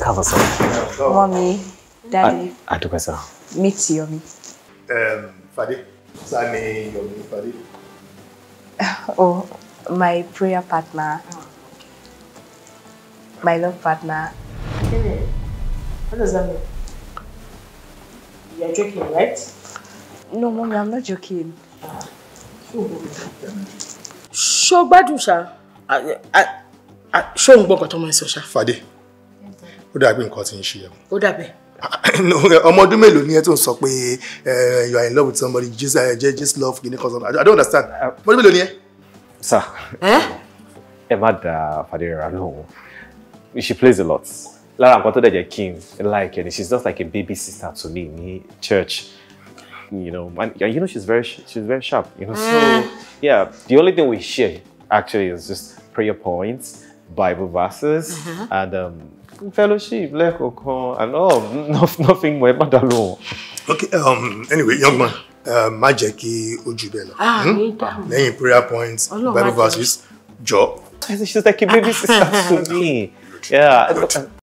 Káàbọ̀ sọ. Mommy, Daddy. I dúpẹ́ myself. Meet Yomi. Um, Fadé, sá ni Yomi Fadi. Oh, my prayer partner. My love partner. What does that mean? You're joking, right? No, mommy, I'm not joking. Ṣó gbádùn ṣá? Ah, ṣó ń gbọ́kàn tọmọ ẹ̀sọ́ ṣá. fàdé ó dàbí nǹkan tí ń ṣe ẹ̀. ó dàbẹ̀. ọmọ ọdún mélòó ni ẹ tó ń sọ pé you are in love with somebody just uh, just just love kìíní kan sọ́nà I don't understand ah. ọmọ ọdún mélòó ni ẹ. sir ẹ má da fàdé rẹ̀ lóhùn she plays a lot lára nǹkan tó dẹ̀ jẹ́ kí n like and she's just like a baby sister to me ní church you know, and, and you know she's very she's very sharp, you know. Mm. So yeah, the only thing we share actually is just prayer points Bible verses uh-huh. and um, fellowship, lẹ́kọ̀ọ̀kan, and all, nothing more, but alone. Okay, um, anyway, young man, uh, má jẹ́ kí ojú bẹ́ẹ̀ lọ. Ah, hmm? Lẹ́yìn prayer points, Bible verses, jọ. Sister Kibibi, sister to me. Yeah. Good.